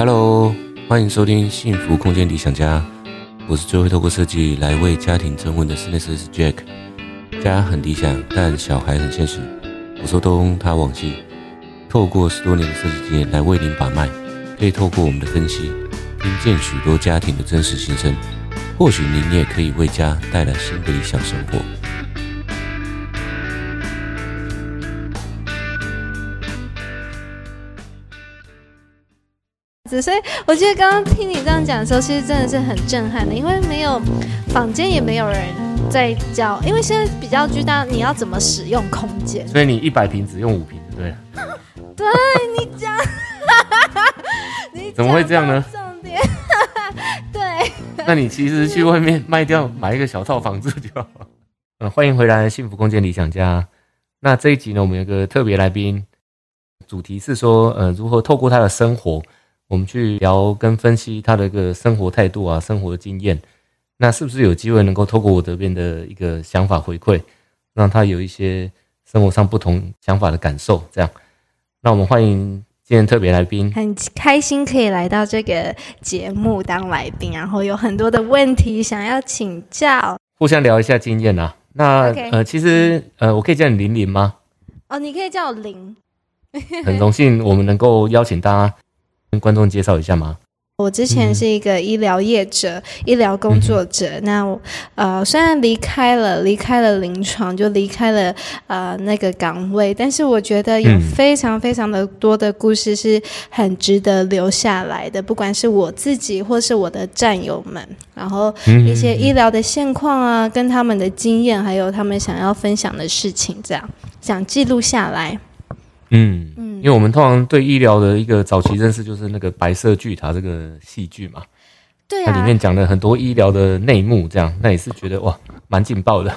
Hello，歡迎收聽《幸福空間理想家》，我是最會透過設計來為家庭增溫的室內設計師 Jack。家很理想，但小孩很現實。我說東他往西，透過十多年的設計經驗來為您把脈，可以透過我們的分析，聽見許多家庭的真實心聲。或許您也可以為家帶來新的理想生活。所以我覺得剛剛聽你這樣講的時候，其實真的是很震撼的，因為沒有房間，也沒有人在教，因為現在比較巨大，你要怎麼使用空間？所以你一百坪只用五坪，對？ 對你講，你， 你怎麼會這樣呢？ 對。 那你其實去外面賣掉，買一個小套房子就好。嗯，歡迎回來《幸福空間理想家》。那這一集呢，我們有個特別來賓，主題是說，呃，如何透過他的生活。我們去聊跟分析他的一個生活態度啊、生活的經驗，那是不是有機會能夠透過我這邊的一個想法回饋，讓他有一些生活上不同想法的感受？這樣。那我們歡迎今天特別來賓，很開心可以來到這個節目當來賓，然後有很多的問題想要請教，互相聊一下經驗啊。那 Okay. 呃，其實呃，我可以叫你林林嗎？哦，oh, 你可以叫我林。 很榮幸我們能夠邀請大家觀眾介紹一下嗎？我之前是一個醫療業者，嗯、哼醫療工作者。嗯、哼那我呃，雖然離開了，離開了臨床，就離開了呃那個崗位，但是我覺得有非常非常的多的故事是很值得留下來的，嗯、哼不管是我自己或是我的戰友們，然後一些醫療的現況啊，嗯、哼跟他們的經驗，還有他們想要分享的事情，這樣，想記錄下來。嗯嗯，因為我們通常對醫療的一個早期認識就是那個《白色巨塔》這個戲劇嘛，對啊，它裡面講了很多醫療的內幕，這樣，那也是覺得哇，蠻勁爆的。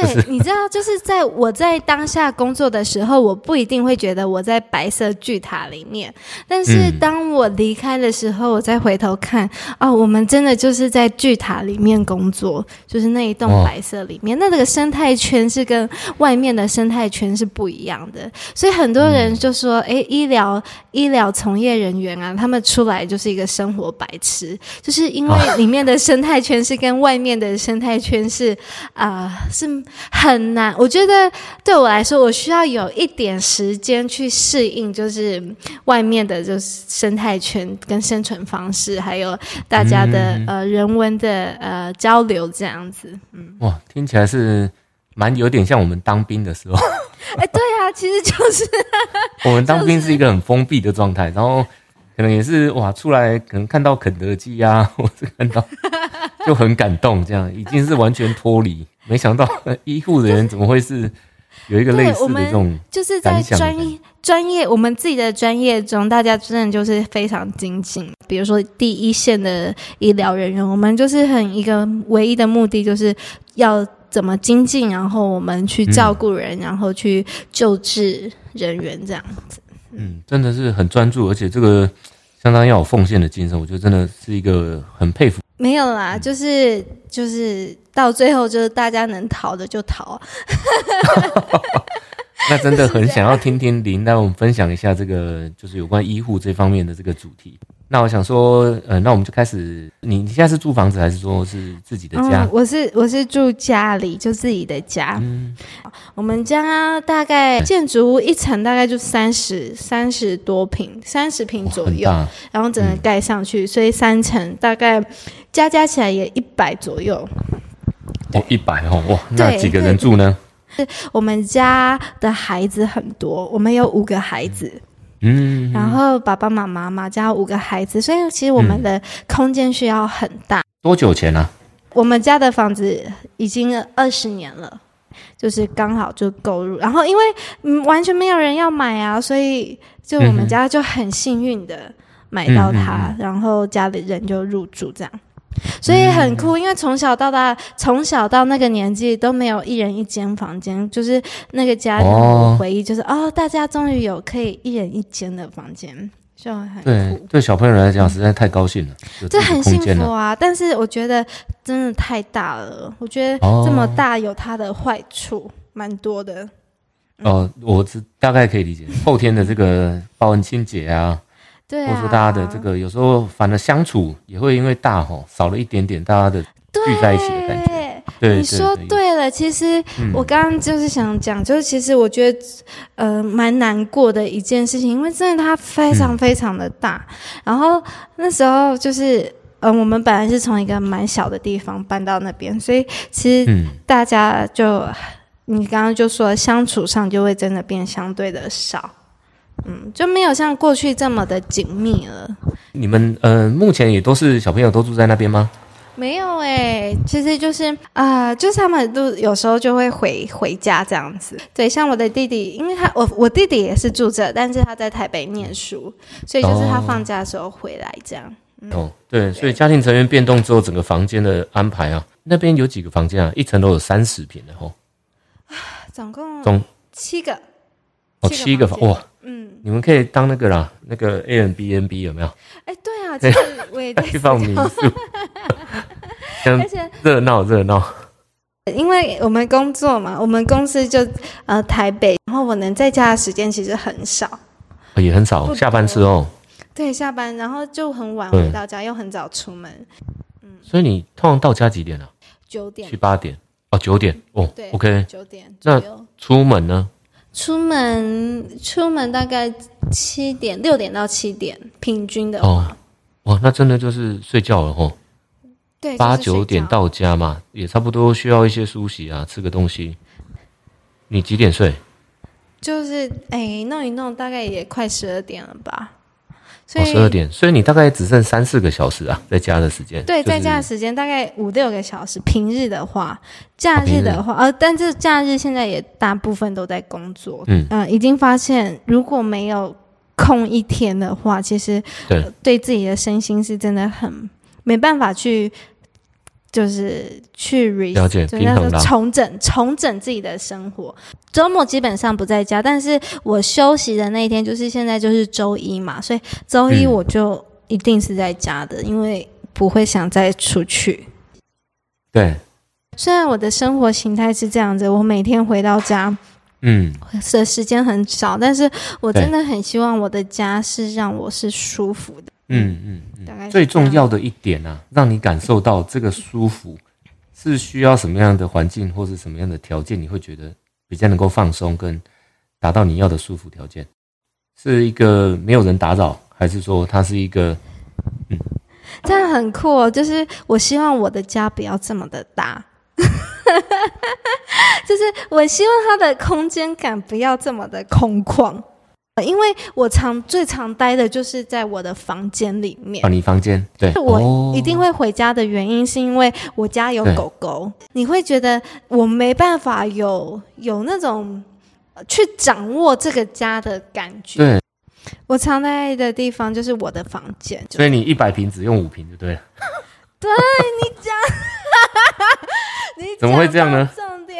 對，你知道，就是在我在當下工作的時候，我不一定會覺得我在白色巨塔裡面。但是當我離開的時候，嗯、我再回頭看，啊、哦，我們真的就是在巨塔裡面工作，就是那一棟白色裡面。那這個生態圈是跟外面的生態圈是不一樣的，所以很多人就說，誒、欸，醫療醫療從業人員啊，他們出來就是一個生活白痴，就是因為裡面的生態圈是跟外面的生態圈是啊、呃、是。很難，我覺得對我來說，我需要有一點時間去適應，就是外面的，就是生態圈跟生存方式，還有大家的、嗯、呃人文的呃交流這樣子。嗯，哇，聽起來是蠻有點像我們當兵的時候。哎、欸，對啊，其實就是 我們當兵是一個很封閉的狀態，就是、然後可能也是哇，出來可能看到肯德基啊，或者看到就很感動，這樣已經是完全脫離。 沒想到 醫護人員怎麼會是有一個類似的這種的？就是在專業專業，我們自己的專業中，大家真的就是非常精進。比如說第一線的醫療人員，我們就是很一個唯一的目的，就是要怎麼精進，然後我們去照顧人，嗯、然後去救治人員，這樣子。嗯，真的是很專注，而且這個相當要有奉獻的精神，我覺得真的是一個很佩服。沒有啦，就是就是。到最後就是大家能逃的就逃、啊。 那真的很想要聽聽林，是的 那我們分享一下這個就是有關醫護這方面的這個主題。那我想說，呃、嗯，那我們就開始。你你現在是住房子還是說是自己的家？嗯、我是我是住家裡，就自己的家。嗯、我們家大概建築物一層大概就三十三十多坪，三十坪左右，然後整個蓋上去，嗯、所以三層大概加加起來也一百左右。哦，一百哦，哇！那幾個人住呢？是我們家的孩子很多，我們有五個孩子，嗯，嗯嗯，然後爸爸媽媽嘛，加五個孩子，所以其實我們的空間需要很大。嗯、多久前呢、啊？我們家的房子已經二十年了，就是剛好就購入。然後因為完全沒有人要買啊，所以就我們家就很幸運的買到它，嗯嗯嗯嗯、然後家裡人就入住這樣。所以很酷，因為從小到大，嗯、從小到那個年紀都沒有一人一間房間，就是那個家庭的回憶，就是哦，哦，大家終於有可以一人一間的房間，就很對。對小朋友來講，實在太高興了，嗯、這很幸福啊。但是我覺得真的太大了，我覺得這麼大有它的壞處，哦、蠻多的。哦、嗯呃，我大概可以理解後天的這個報恩清潔啊。 對啊、或者說，大家的這個有時候反而相處也會因為大吼少了一點點，大家的聚在一起的感覺。對，對，對，對你說對了，其實我剛剛就是想講，嗯、就是其實我覺得呃蠻難過的一件事情，因為真的它非常非常的大。嗯、然後那時候就是呃我們本來是從一個蠻小的地方搬到那邊，所以其實大家就、嗯、你剛剛就說了，相處上就會真的變相對的少。嗯，就沒有像過去這麼的緊密了。你們呃，目前也都是小朋友都住在那邊嗎？沒有哎、欸，其實就是啊、呃，就是他們都有時候就會回回家這樣子。對，像我的弟弟，因為他我我弟弟也是住這，但是他在台北念書，所以就是他放假的時候回來這樣。哦，嗯、哦，對，對所以家庭成員變動之後，整個房間的安排啊，那邊有幾個房間啊？一層都有三十坪的哦。啊，總共總七個。七個哦，七個房哇。你們可以當那個啦，那個 A n B n B 有沒有？哎，欸、對啊，就是我也在放民宿，哈哈哈哈哈。熱鬧熱鬧，因為我們工作嘛，我們公司就呃台北，然後我能在家的時間其實很少，也很少，不多。下班之後？對，下班，然後就很晚回到家，嗯、又很早出門。嗯，所以你通常到家幾點啊？九點？去八點？哦，九點哦？對，OK，九點。那出門呢？出門出門大概七點六點到七點，平均的哦。哇，那真的就是睡覺了哦。對，就是睡覺。八九點到家嘛，也差不多需要一些梳洗啊，吃個東西。你幾點睡？就是哎、欸，弄一弄，大概也快十二點了吧。十二點，、哦、所以你大概只剩三四個小時啊，在家的時間。對，就是、在家的時間大概五六個小時。平日的話，假日的話，啊、呃，但是假日現在也大部分都在工作。嗯、呃、已經發現，如果沒有空一天的話，其實對、呃、對自己的身心是真的很沒辦法去。就是去 re 了解，就重整，重整自己的生活。週末基本上不在家，但是我休息的那一天就是現在，就是周一嘛，所以周一我就一定是在家的，嗯、因為不會想再出去。對，雖然我的生活形態是這樣子，我每天回到家，嗯，的時間很少，嗯、但是我真的很希望我的家是讓我是舒服的。嗯嗯。嗯最重要的一點啊，讓你感受到這個舒服，是需要什麼樣的環境或是什麼樣的條件？你會覺得比較能夠放鬆，跟達到你要的舒服條件，是一個沒有人打擾，還是說它是一個……嗯，真的很酷哦。就是我希望我的家不要這麼的大， 就是我希望它的空間感不要這麼的空曠。因為我常最常待的就是在我的房間裡面。哦、啊，你房間。對，我一定會回家的原因是因為我家有狗狗。對你會覺得我沒辦法有有那種去掌握這個家的感覺。對，我常待的地方就是我的房間。就是、所以你一百坪只用五坪就對了。 對，你講， 你怎麼會這樣呢？重點，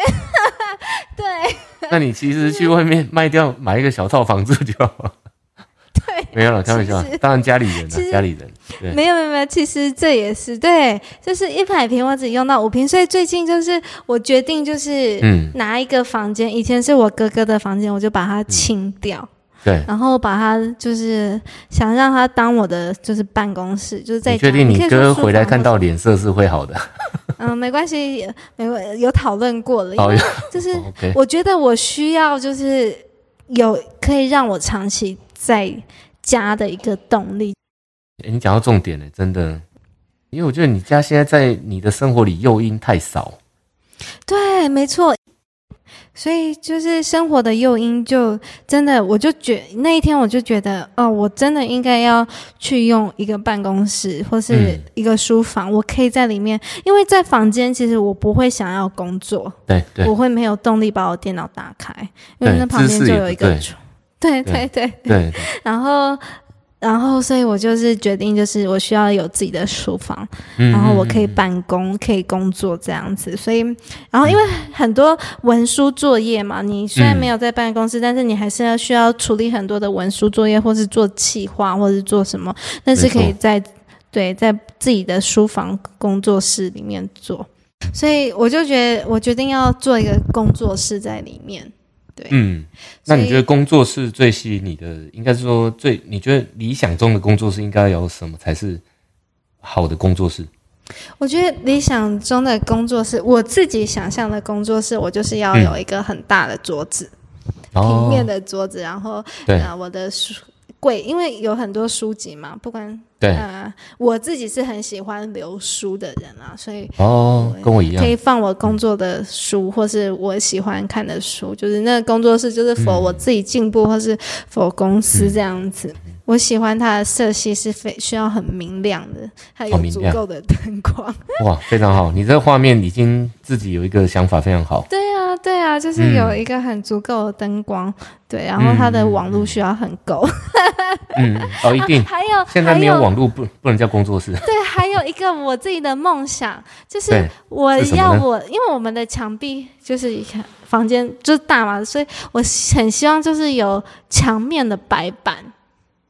對。 那你其實去外面賣掉， 買一個小套房子就好了。對，沒有了，開玩笑。其實當然家裡人，其實家裡人。沒有沒有沒有，其實這也是對，就是一百坪我只用到五坪，所以最近就是我決定就是，嗯，拿一個房間，嗯、以前是我哥哥的房間，我就把它清掉。嗯對，然後把他，就是想讓他當我的就是辦公室，就是在，你確定你哥回來看到臉色是會好的？ 嗯，沒關係，沒有，有討論過了，因為就是我覺得我需要就是有可以讓我長期在家的一個動力。哎、欸，你講到重點了、欸，真的，因為我覺得你家現在在你的生活裡誘因太少。對，沒錯。所以就是生活的誘因，就真的我就覺那一天我就覺得哦，我真的應該要去用一個辦公室或是一個書房，嗯、我可以在裡面，因為在房間其實我不會想要工作，對，對我會沒有動力把我電腦打開，對因為那旁邊就有一個床，對對對對，然後。然後，所以我就是決定，就是我需要有自己的書房，嗯、然後我可以辦公、嗯、可以工作這樣子。所以，然後因為很多文書作業嘛，你雖然沒有在辦公室，嗯、但是你還是要需要處理很多的文書作業，或是做企劃，或是做什麼，但是可以在，沒錯。對，在自己的書房工作室裡面做。所以，我就覺得我決定要做一個工作室在裡面。對嗯，那你覺得工作室最吸引你的？以應該是說最你覺得理想中的工作室應該有什麼才是好的工作室？我覺得理想中的工作室，我自己想象的工作室，我就是要有一個很大的桌子，嗯、平面的桌子，哦、然後對啊，我的書。會，因為有很多書籍嘛，不管對啊、呃，我自己是很喜歡留書的人啊，所以哦，對跟我一樣，可以放我工作的書，或是我喜歡看的書，就是那個工作室就是 for 我自己進步，嗯、或是 for 公司這樣子。嗯、我喜歡它的色系是非需要很明亮的，還有足夠的燈光。哇，非常好，你這個畫面已經自己有一個想法，非常好。 對啊，對啊，就是有一個很足夠的燈光，嗯、對，然後它的網絡需要很夠。 嗯，哦，一定。啊、還有，現在沒有網絡還有，不，不能叫工作室。對，還有一個我自己的夢想，就是我要我，因為我們的牆壁就是房間就是大嘛，所以我很希望就是有牆面的白板，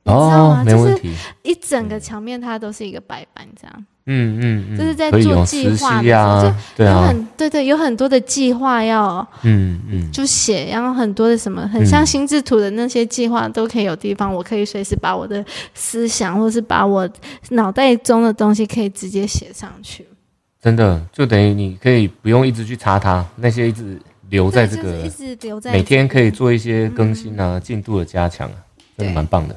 哦，你知道嗎？沒問題，就是一整個牆面它都是一個白板，這樣。嗯嗯嗯，就是在做計劃的，對啊，對對，有很多的計劃要嗯嗯，就寫，然後很多的什麼，很像心智圖的那些計劃都可以有地方，我可以隨時把我的思想或是把我腦袋中的東西可以直接寫上去。真的，就等於你可以不用一直去查它，那些一直留在這個，一直留在每天可以做一些更新啊、進度的加強，真的蠻棒的。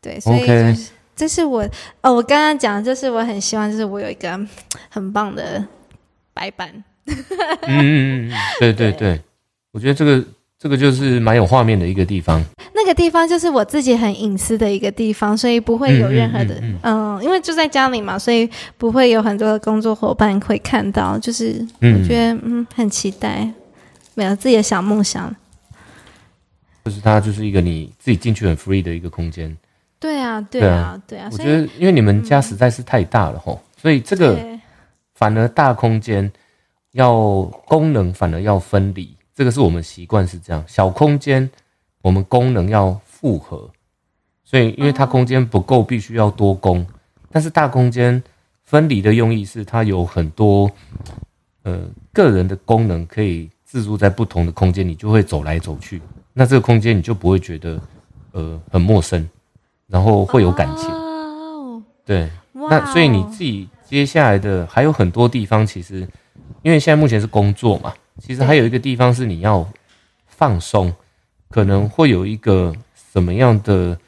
對，所以。這是我哦，我剛剛講，就是我很希望，就是我有一個很棒的白板。 嗯嗯嗯，對對對，對我覺得這個這個就是蠻有畫面的一個地方。那個地方就是我自己很隱私的一個地方，所以不會有任何的嗯，嗯，嗯，嗯，嗯，因為住在家裡嘛，所以不會有很多的工作夥伴會看到。就是我覺得嗯，嗯，很期待，沒有自己的小夢想。就是它就是一個你自己進去很 free 的一個空間。對啊，對啊，對啊！ 我覺得，因為你們家實在是太大了吼，所以這個反而大空間要功能反而要分離，這個是我們習慣是這樣。小空間我們功能要複合，所以因為它空間不夠，必須要多功。但是大空間分離的用意是，它有很多呃個人的功能可以自助在不同的空間，你就會走來走去，那這個空間你就不會覺得呃很陌生。然後會有感情，oh, wow. 對。那所以你自己接下來的還有很多地方，其實，因為現在目前是工作嘛，其實還有一個地方是你要放鬆，嗯、可能會有一個什麼樣的，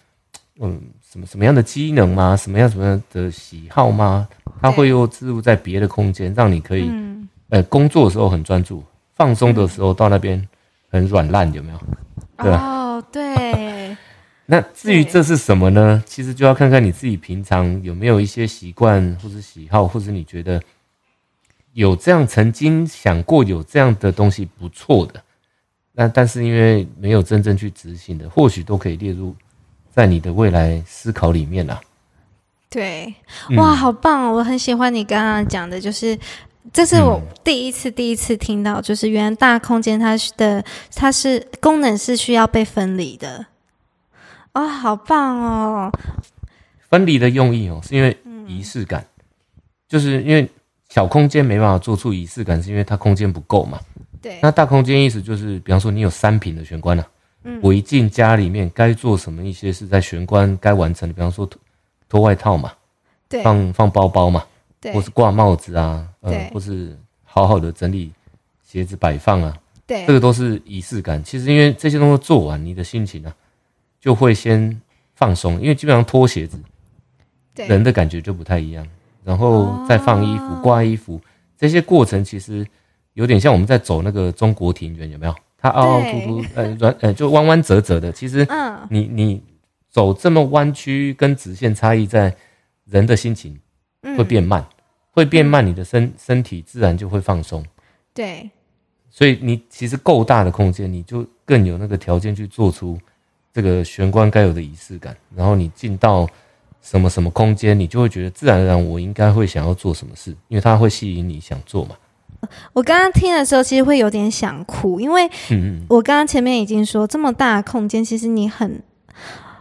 嗯，什麼什麼樣的機能嗎？什麼樣什麼樣的喜好嗎？它會又置入在別的空間，對讓你可以，嗯、呃，工作的時候很專注，放鬆的時候到那邊很軟爛，嗯、有沒有？對、啊，oh, 對。那至於這是什麼呢？對，其實就要看看你自己平常有沒有一些習慣，或是喜好，或者你覺得有這樣曾經想過有這樣的東西不錯的，那但是因為沒有真正去執行的，或許都可以列入在你的未來思考裡面啦、啊。對，哇，嗯，哇好棒哦！我很喜歡你剛剛講的，就是這是我第一次第一次聽到，嗯，就是原來大空間它的，它的，它是功能是需要被分離的。啊、哦，好棒哦！分離的用意哦、喔，是因為儀式感，嗯、就是因為小空間沒辦法做出儀式感，是因為它空間不夠嘛。對，那大空間意思就是，比方說你有三坪的玄關啊，嗯，我一進家裡面該做什麼一些事在玄關該完成的，比方說脫脫外套嘛，對，放放包包嘛，對，或是掛帽子啊，嗯、呃，對或是好好的整理鞋子擺放啊，對，這個都是儀式感。其實因為這些東西做完，你的心情呢、啊？就會先放鬆，因為基本上脫鞋子，對人的感覺就不太一樣，然後再放衣服、掛、哦、衣服這些過程，其實有點像我們在走那個中國庭院，有沒有？它凹凹凸凸，呃，呃，就彎彎折折的。其實你，你、嗯、你走這麼彎曲跟直線差異在，在人的心情會變慢，嗯、會變慢，你的身身體自然就會放鬆。對，所以你其實夠大的空間，你就更有那個條件去做出。這個玄關該有的儀式感，然後你進到什麼什麼空間，你就會覺得自然而然，我應該會想要做什麼事，因為它會吸引你想做嘛。我剛剛聽的時候，其實會有點想哭，因為我剛剛前面已經說，這麼大的空間，其實你很。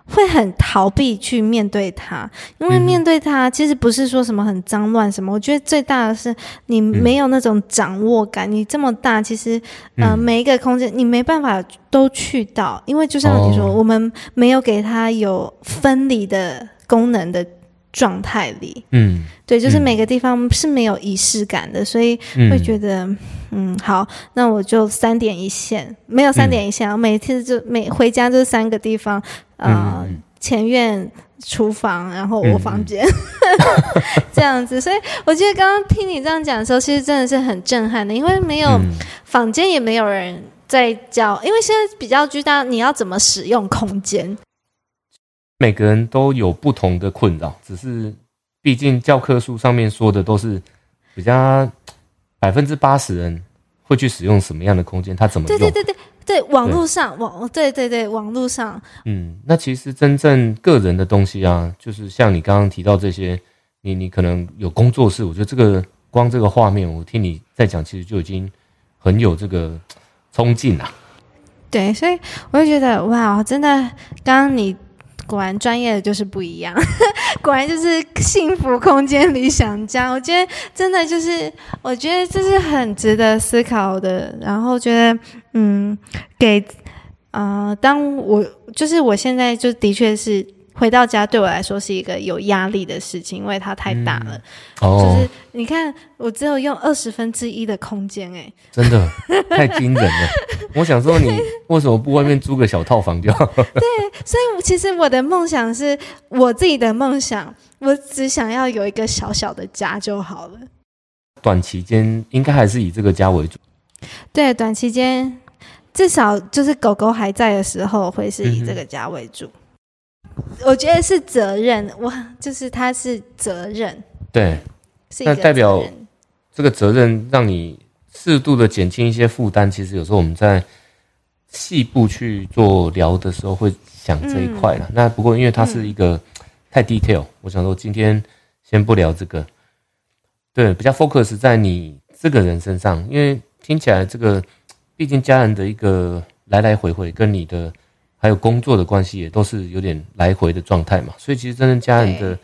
會很逃避去面對它，因為面對它其實不是說什麼很髒亂什麼。嗯、我覺得最大的是，你沒有那種掌握感。嗯、你這麼大，其實、呃，嗯，每一個空間你沒辦法都去到，因為就像你說，哦、我們沒有給它有分離的功能的狀態裡，嗯，對，就是每個地方是沒有儀式感的，所以會覺得。嗯嗯，好，那我就三點一線，沒有三點一線，嗯、每次就每回家就三個地方，嗯、呃，前院、廚房，然後我房間，嗯、 這樣子。所以，我覺得剛剛聽你這樣講的時候，其實真的是很震撼的，因為沒有房間，嗯、也沒有人在教，因為現在比較巨大，你要怎麼使用空間？每個人都有不同的困擾，只是畢竟教科書上面說的都是比較。百分之八十人會去使用什麼樣的空間？他怎麼用？對對對對對，對網絡上對網，對對對，網絡上。嗯，那其實真正個人的東西啊，就是像你剛剛提到這些，你你可能有工作室，我覺得這個光這個畫面，我聽你在講，其實就已經很有這個衝勁了。對，所以我就覺得哇，真的，剛剛你。果然專業的就是不一樣，呵呵，果然就是幸福空間理想家。我覺得真的就是，我覺得這是很值得思考的。然後覺得，嗯，給啊、呃，當我就是我現在就的確是。回到家對我來說是一個有壓力的事情，因為它太大了。嗯、哦，就是你看，我只有用二十分之一的空間，欸，哎，真的太驚人了。 我想說，你為什麼不外面租個小套房就好？ 對，所以其實我的夢想是我自己的夢想，我只想要有一個小小的家就好了。短期間應該還是以這個家為主。對，短期間至少就是狗狗還在的時候，會是以這個家為主。嗯我覺得是責任，我就是他是責任。對，那代表這個責任讓你適度的減輕一些負擔。其實有時候我們在細部去做聊的時候，會想這一塊了。嗯，那不過因為它是一個太 detail，嗯，我想說今天先不聊這個。對，比較 focus 在你這個人身上，因為聽起來這個畢竟家人的一個來來回回跟你的。還有工作的關係也都是有點來回的狀態嘛，所以其實真正家人的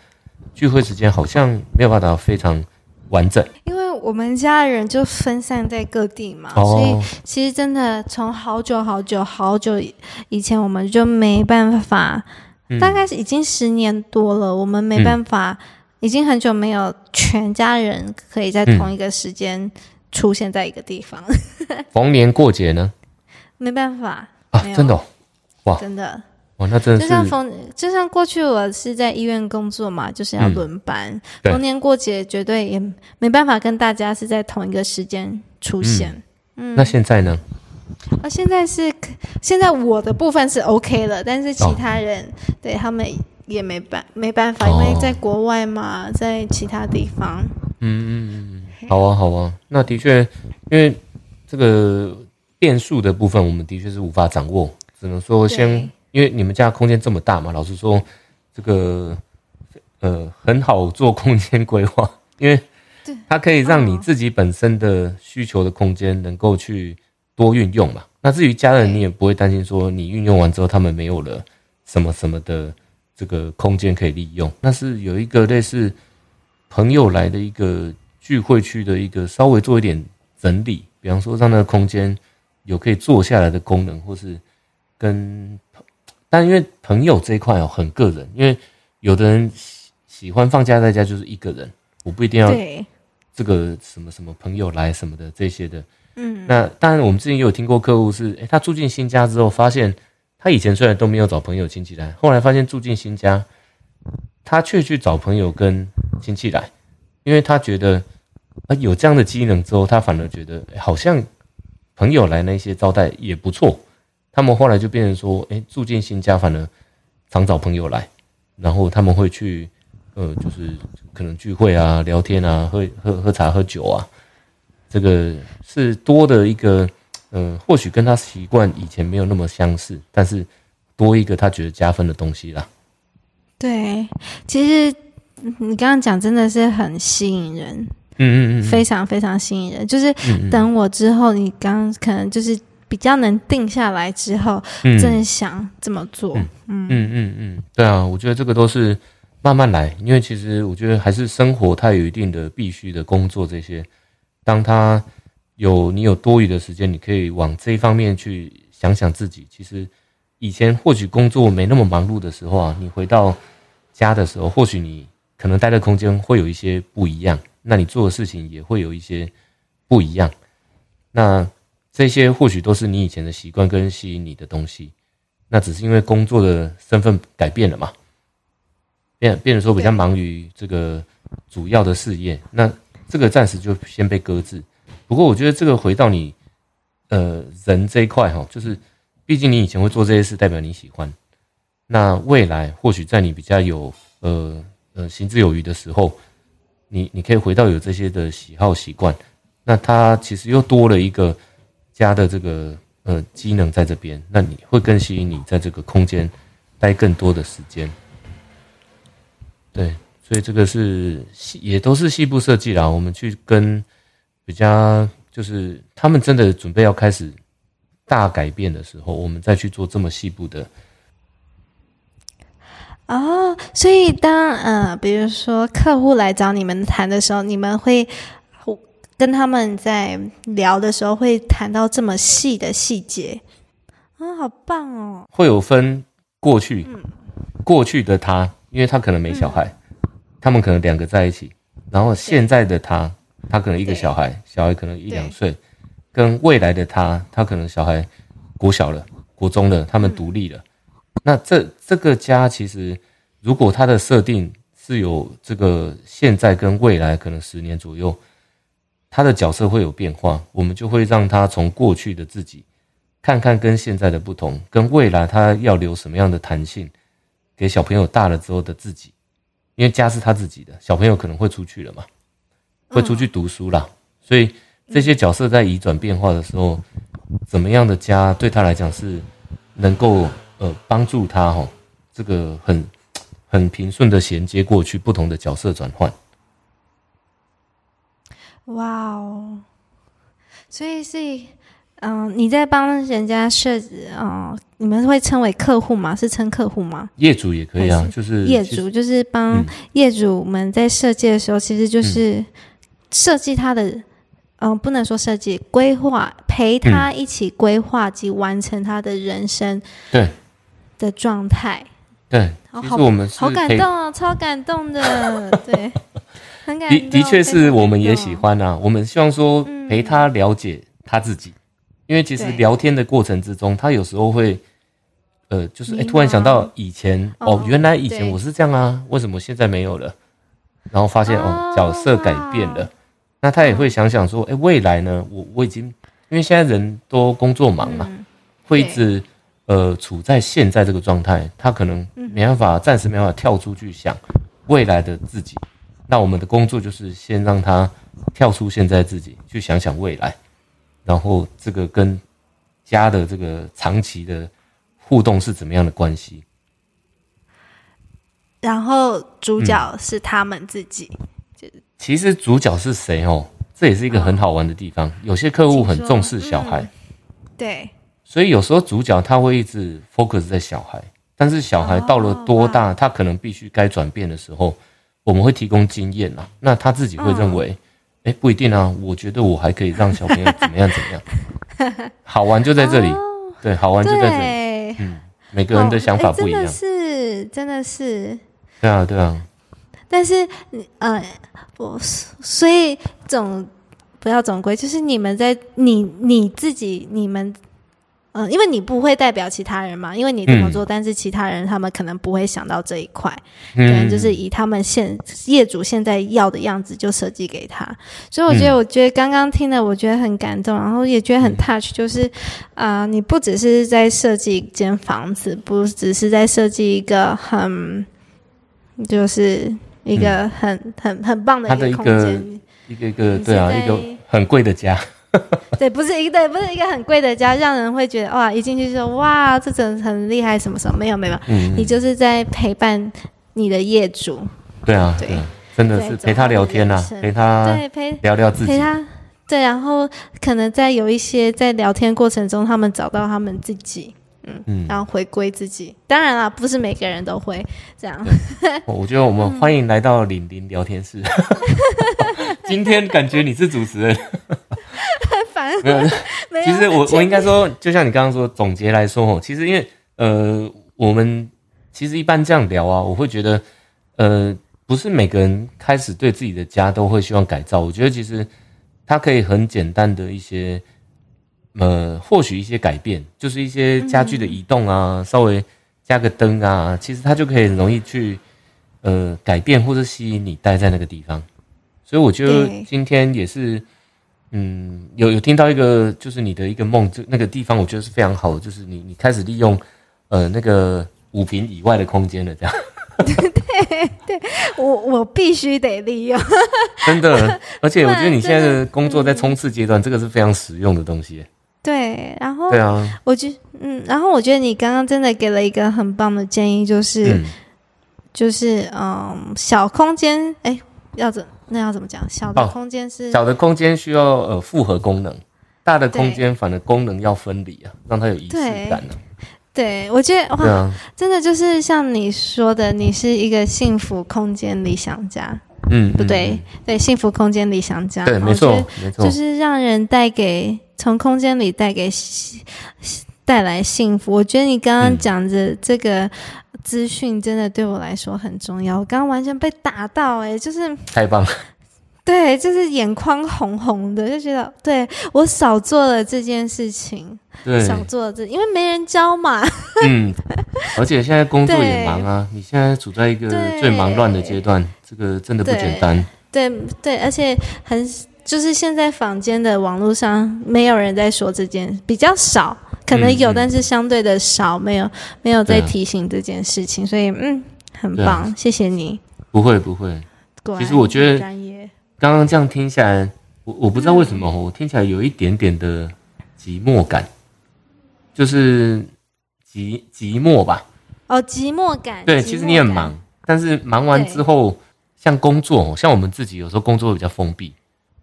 聚會時間好像沒有辦法非常完整。因為我們家人就分散在各地嘛，哦、所以其實真的從好久好久好久以前，我們就沒辦法，嗯、大概是已經十年多了，我們沒辦法，嗯、已經很久沒有全家人可以在同一個時間出現在一個地方。 逢年過節呢？沒辦法啊，有真的、哦。哇，真的，哇，那真的就像逢，就像過去我是在醫院工作嘛，就是要輪班，嗯、逢年過節絕對也沒辦法跟大家是在同一個時間出現。嗯，嗯那現在呢？啊，現在是現在我的部分是 OK 了，但是其他人、哦、對他們也沒辦沒辦法，因為在國外嘛，哦、在其他地方。嗯，好啊，好啊，那的確，因為這個變數的部分，我們的確是無法掌握。只能說先，因為你們家空間這麼大嘛，老實說，這個，呃，很好做空間規劃，因為，它可以讓你自己本身的需求的空間能夠去多運用嘛。那至於家人，你也不會擔心說你運用完之後他們沒有了什麼什麼的這個空間可以利用。那是有一個類似朋友來的一個聚會區的一個稍微做一點整理，比方說讓那個空間有可以坐下來的功能，或是。跟，但因為朋友這一塊哦很個人，因為有的人喜喜歡放假在家就是一個人，我不一定要這個什麼什麼朋友來什麼的這些的，對嗯，那當然我們之前也有聽過客戶是，誒、欸、他住進新家之後發現，他以前雖然都沒有找朋友親戚來，後來發現住進新家，他卻去找朋友跟親戚來，因為他覺得，啊、呃、有這樣的機能之後，他反而覺得、欸、好像朋友來那些招待也不錯。他們後來就變成說：“哎、欸，住進新家，反而常找朋友來，然後他們會去，呃，就是可能聚會啊、聊天啊、喝喝喝茶、喝酒啊，這個是多的一個，嗯、呃，或許跟他習慣以前沒有那麼相似，但是多一個他覺得加分的東西啦。”對，其實你剛剛講真的是很吸引人，嗯嗯，嗯嗯，非常非常吸引人。就是等我之後，你剛可能就是。比較能定下來之後，真的，嗯、想這麼做。嗯嗯嗯，嗯對啊，我覺得這個都是慢慢來，因為其實我覺得還是生活它有一定的必須的工作這些。當它有你有多餘的時間，你可以往這一方面去想想自己。其實以前或許工作沒那麼忙碌的時候啊，你回到家的時候，或許你可能待的空間會有一些不一樣，那你做的事情也會有一些不一樣。那。這些或許都是你以前的習慣跟吸引你的東西，那只是因為工作的身份改變了嘛，變變得說比較忙於這個主要的事業，那這個暫時就先被擱置。不過我覺得這個回到你，呃，人這一塊哈，就是畢竟你以前會做這些事，代表你喜歡。那未來或許在你比較有呃呃行之有餘的時候，你你可以回到有這些的喜好習慣，那它其實又多了一個。家的這個呃機能在這邊，那你會更吸引你在這個空間待更多的時間。對，所以這個是細，也都是細部設計啦。我們去跟比較，就是他們真的準備要開始大改變的時候，我們再去做這麼細部的。哦，所以當呃，比如說客戶來找你們談的時候，你們會。跟他們在聊的時候，會談到這麼細的細節，啊、哦，好棒哦！會有分過去，嗯、過去的他，因為他可能沒小孩，嗯、他們可能兩個在一起；然後現在的他，對他可能一個小孩，對小孩可能一兩歲；對跟未來的他，他可能小孩國小了、國中了，他們獨立了。嗯、那這這個家，其實如果他的設定是有這個現在跟未來，可能十年左右，他的角色會有變化，我們就會讓他從過去的自己看看跟現在的不同，跟未來他要留什麼樣的彈性給小朋友大了之後的自己，因為家是他自己的，小朋友可能會出去了嘛，會出去讀書啦。嗯。所以這些角色在移轉變化的時候，怎麼樣的家對他來講是能夠呃幫助他吼、哦，這個很很平順的銜接過去不同的角色轉換。哇哦！Wow. 所以是嗯、呃，你在幫人家設計嗯、呃，你們會稱為客戶嗎？是稱客戶嗎？業主也可以啊，是就是業主，就是幫業主們在設計的時候，嗯、其實就是設計他的嗯、呃，不能說設計規劃，陪他一起規劃及完成他的人生，對的狀態對。對哦、好，我好感動啊、哦，超感動的 對。的的確是我們也喜歡吶，我們希望說陪他了解他自己，因為其實聊天的過程之中，他有時候會，呃，就是誒，突然想到以前哦，原來以前我是這樣啊，為什麼現在沒有了？然後發現哦，角色改變了，那他也會想想說，誒，未來呢？我我已經因為現在人都工作忙嘛，會一直呃處在現在這個狀態，他可能沒辦法，暫時沒辦法跳出去想未來的自己。那我們的工作就是先讓他跳出現在自己去想想未來，然後這個跟家的這個長期的互動是怎麼樣的關係？然後主角是他們自己。嗯，就是、其實主角是誰哦？這也是一個很好玩的地方。啊、有些客戶很重視小孩，嗯、對，所以有時候主角他會一直 focus 在小孩，但是小孩到了多大，哦、他可能必須該轉變的時候。我們會提供經驗吶，那他自己會認為，哎、嗯欸，不一定啊，我覺得我還可以讓小朋友怎麼樣怎麼樣， 好玩就在這裡，哦、對，好玩就在這裡，對嗯，每個人的想法不一樣，是、哦欸、真的是，真的是，對啊對啊，但是，呃，我所以總不要總歸就是你們在你你自己你們。嗯，因為你不會代表其他人嘛，因為你怎麼做，嗯、但是其他人他們可能不會想到這一塊，嗯、可能就是以他們現業主現在要的樣子就設計給他。所以我覺得，嗯、我覺得剛剛聽了我覺得很感動，然後也覺得很 touch，、嗯、就是啊、呃，你不只是在設計一間房子，不只是在設計一個很，就是一個很、嗯、很很棒的一個空間，一個，一個一個對啊，一個很貴的家。 對，不是一個，對，不是一個很貴的家，讓人會覺得哇，一進去說哇，這真很厲害，什麼什麼，沒有，沒有，嗯，你就是在陪伴你的業主，對啊，對，對真的是陪他聊天吶、啊，陪他，對，陪聊聊自己陪，陪他，對，然後可能在有一些在聊天過程中，他們找到他們自己，嗯嗯，然後回歸自己，當然了，不是每個人都會這樣，對 哦、我覺得我們歡迎來到林林聊天室，嗯、 今天感覺你是主持人。嗯， 沒有 其實我 我應該說，就像你剛剛說，總結來說，哦，其實因為呃，我們其實一般這樣聊啊，我會覺得呃，不是每個人開始對自己的家都會希望改造。我覺得其實它可以很簡單的一些呃，或許一些改變，就是一些家具的移動啊，嗯、稍微加個燈啊，其實它就可以容易去呃改變，或是吸引你待在那個地方。所以我覺得今天也是。嗯，有有聽到一個，就是你的一個夢，就那個地方，我覺得是非常好的，就是你你開始利用，呃，那個五坪以外的空間了，這樣。 對對，我我必須得利用。 真的，而且我覺得你現在的工作在衝刺階段，這個是非常實用的東西。對，然後。對啊。我覺，嗯，然後我覺得你剛剛真的給了一個很棒的建議，就是、嗯、就是嗯，小空間哎、欸，要怎？那要怎麼講？小的空間是、哦，小的空間需要呃複合功能，大的空間反而功能要分離啊，對讓它有儀式感呢、啊。對，我覺得哇、啊，真的就是像你說的，你是一個幸福空間理想家，嗯，不對，嗯、對，幸福空間理想家，對，沒錯，沒錯，就是讓人帶給，從空間裡帶給。帶來幸福，我覺得你剛剛講的這個資訊真的對我來說很重要。嗯、我剛剛完全被打到，欸，哎，就是太棒了。對，就是眼眶紅紅的，就覺得，對我少做了這件事情，少對做了這，因為沒人教嘛。嗯， 而且現在工作也忙啊，對你現在處在一個最忙亂的階段，對這個真的不簡單。對對，對，而且很就是現在坊間的網絡上沒有人在說這件，比較少。可能有，但是相對的少，沒有沒有在提醒這件事情，所以嗯，很棒，謝謝你。不會不會，其實我覺得剛剛這樣聽起來，我我不知道為什麼我聽起來有一點點的寂寞感，就是寂寂寞吧？哦，寂寞感。對，其實你很忙，但是忙完之後，像工作，像我們自己有時候工作會比較封閉，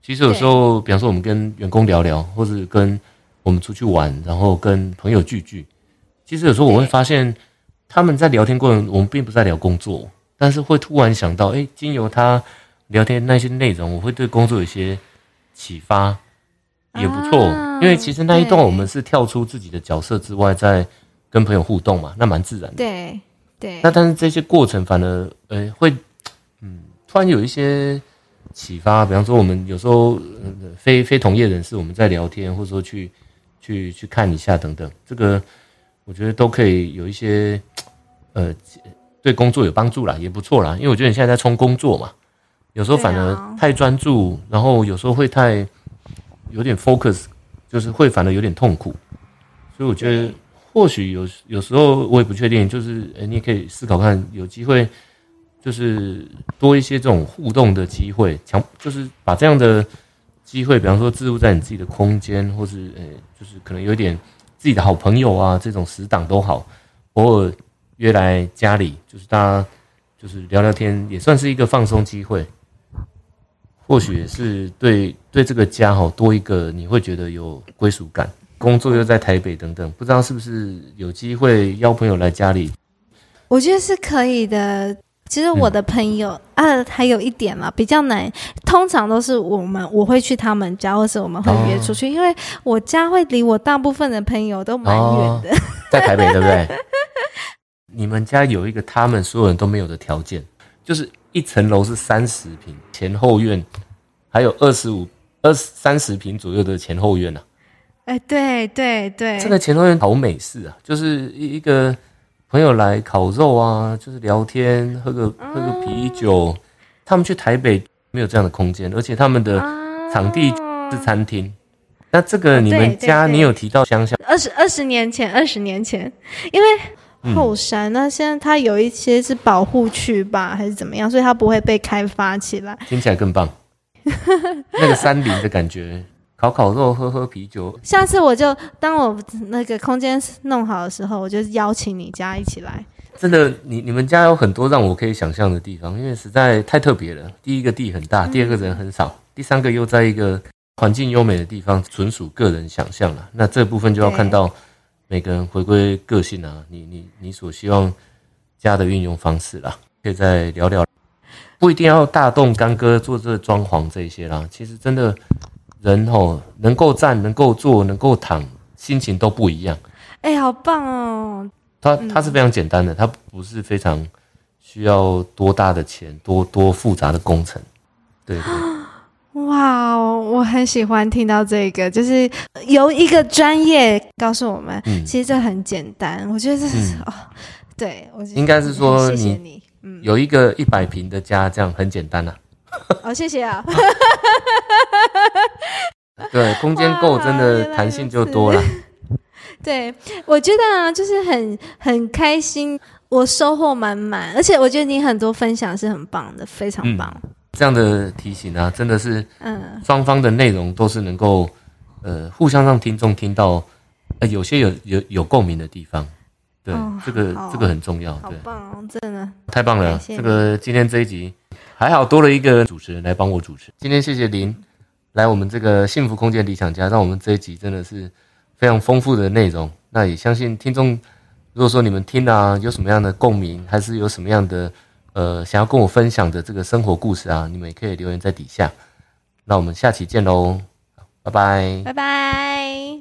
其實有時候，比方說我們跟員工聊聊，或是跟。我們出去玩，然後跟朋友聚聚。其實有時候我會發現，對他們在聊天過程，我們並不在聊工作，但是會突然想到，哎、欸，經由他聊天那些內容，我會對工作有一些啟發，也不錯。啊、因為其實那一段我們是跳出自己的角色之外，對在跟朋友互動嘛，那蠻自然的。對對。對那但是這些過程，反而呃、欸、會，嗯，突然有一些啟發。比方說，我們有時候、呃、非非同業人士，我們在聊天，或者說去。去去看一下等等，這個我覺得都可以有一些，呃，對工作有幫助啦，也不錯啦。因為我覺得你現在在衝工作嘛，有時候反而太專注，啊、然後有時候會太有點 focus，就是會反而有點痛苦。所以我覺得或許有有時候我也不確定，就是哎、欸，你也可以思考看，有機會就是多一些這種互動的機會，強就是把這樣的。機會，比方說置物在你自己的空間，或是呃、欸，就是可能有點自己的好朋友啊，這種死黨都好，偶爾約來家裡，就是大家就是聊聊天，也算是一個放鬆機會。或許是對對這個家好、喔、多一個，你會覺得有歸屬感。工作又在台北等等，不知道是不是有機會邀朋友來家裡？我覺得是可以的。其實我的朋友、嗯、啊，還有一點啦，比較難。通常都是我們我會去他們家，或者我們會約出去，哦、因為我家會離我大部分的朋友都蠻遠的、哦，在台北對不對？ 你們家有一個他們所有人都沒有的條件，就是一層樓是三十坪，前後院還有二十五、二三十坪左右的前後院呢、啊。哎、欸，對對對，對這個前後院好美式啊，就是一一個。朋友來烤肉啊，就是聊天，喝個喝個啤酒。嗯、他們去台北沒有這樣的空間，而且他們的場地是餐廳。啊、那這個你們家，你有提到鄉下？二十二十年前，二十年前，因為後山，嗯、那現在它有一些是保護區吧，還是怎麼樣，所以它不會被開發起來。聽起來更棒， 那個山林的感覺。烤烤肉，喝喝啤酒。下次我就當我那個空間弄好的時候，我就邀請你家一起來。真的，你你們家有很多讓我可以想象的地方，因為實在太特別了。第一個地很大，嗯、第二個人很少，第三個又在一個環境優美的地方，純屬個人想象了。那這部分就要看到每個人回歸個性啊，對你你你所希望家的運用方式啦，可以再聊聊。不一定要大動干戈做這個裝潢這些啦，其實真的。人吼能夠站，能夠坐，能夠躺，心情都不一樣。哎、欸，好棒哦！它它是非常簡單的，嗯、它不是非常需要多大的錢，多多複雜的工程。對，哇，我很喜歡聽到這個，就是由一個專業告訴我們，嗯、其實這很簡單。我覺得這是、嗯、哦，對，我應該是說，謝謝你，嗯，有一個一百坪的家，這樣很簡單啊。好、 哦，謝謝啊！ 對，空間夠，真的彈性就多了。對，我覺得啊，就是很很開心，我收穫滿滿，而且我覺得你很多分享是很棒的，非常棒。嗯、這樣的提醒啊，真的是，嗯，雙方的內容都是能夠，嗯、呃，互相讓聽眾聽到、呃，有些有有有共鳴的地方。對，哦、這個好這個很重要。對好棒哦，真的太棒了、啊，謝謝這個今天這一集。還好多了一個主持人來幫我主持，今天謝謝您來我們這個幸福空間理想家，讓我們這一集真的是非常豐富的內容。那也相信聽眾，如果說你們聽了啊，有什麼樣的共鳴，還是有什麼樣的呃想要跟我分享的這個生活故事啊，你們也可以留言在底下。那我們下期見嘍，拜拜，拜拜。